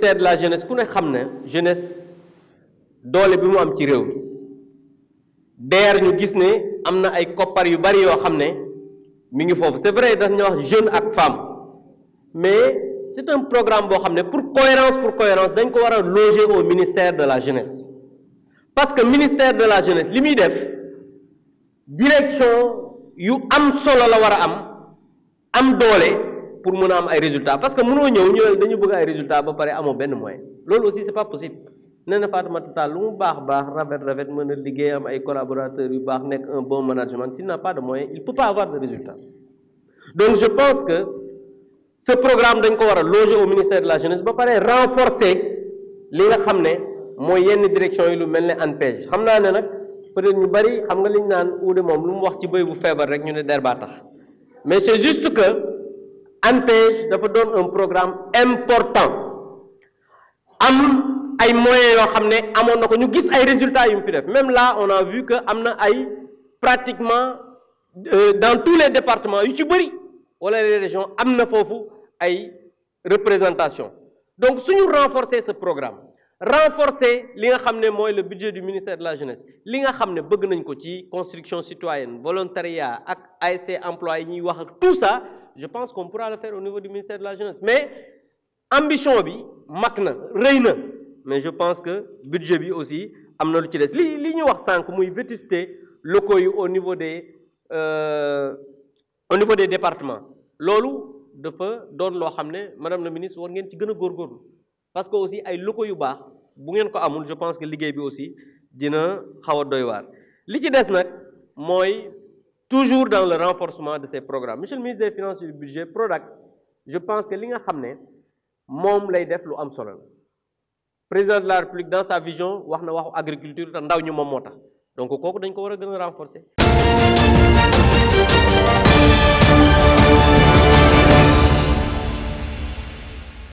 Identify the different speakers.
Speaker 1: ministère de la jeunesse ku ne xam jeunesse doole bi mu am ci rew mi DER ñu gis ne amna ay copar yu bari yo xam mi ngi fofu c'est vrai wax jeune ak femme mais c'est un programme bo pour cohérence pour cohérence dañ ko wara loger au ministère de la jeunesse parce que ministère de la jeunesse limi def direction yu am solo la wara am am doole pour mën a am ay résultats parce que mënoo ñëw ñu dañu bëgg ay résultats ba pare amoo benn moyen loolu aussi c'est pas possible nee na Fatoumata Tall lu mu baax baax rafet rafet mën a liggéey am ay collaborateurs yu baax nekk un bon management s'il n'a pas de moyen il peut pas avoir de résultats donc je pense que ce programme dañ ko war a loger au ministère de la jeunesse ba pare renforcer li nga xam ne mooy yenn direction yi lu mel ne ANPEJ xam naa ne nag peut-être ñu bari xam nga liñ naan uude moom lu mu wax ci bëy bu feebar rek ñu ne der baa ANPEJ dafa doon un programme important Il ay moyens yoo xam ne amoon na ñu gis ay résultats yu fi def même là on a vu que am na ay pratiquement euh, dans tous les départements yu ci wala les régions am na foofu ay représentation donc suñu renforcer ce programme renforcer li nga le budget du ministère de la jeunesse li nga xam ne nañ ko ci construction citoyenne volontariat ak ASC emploi yi wax ak tout ça je pense qu'on pourra le faire au niveau du ministère de la jeunesse mais ambition bi makna, na mais je pense que budget bi aussi amna na lu ci des li li wax sànq muy vétusté locaux au niveau des euh, au niveau des départements lolo de peu, donne lo ne madame la ministre war ngeen ci gën a góorgóorlu parce que aussi ay locaux yu baax bu ngeen ko amul je pense que liggéey bi aussi dina xaw a doy waar li ci des nag toujours dans le renforcement de ces programmes monsieur le ministre des finances et du budget je pense que li nga vous savez. c'est lay def lu Le président de la république dans sa vision wax a dit agriculture l'agriculture, ndaw donc il dañ ko renforcer.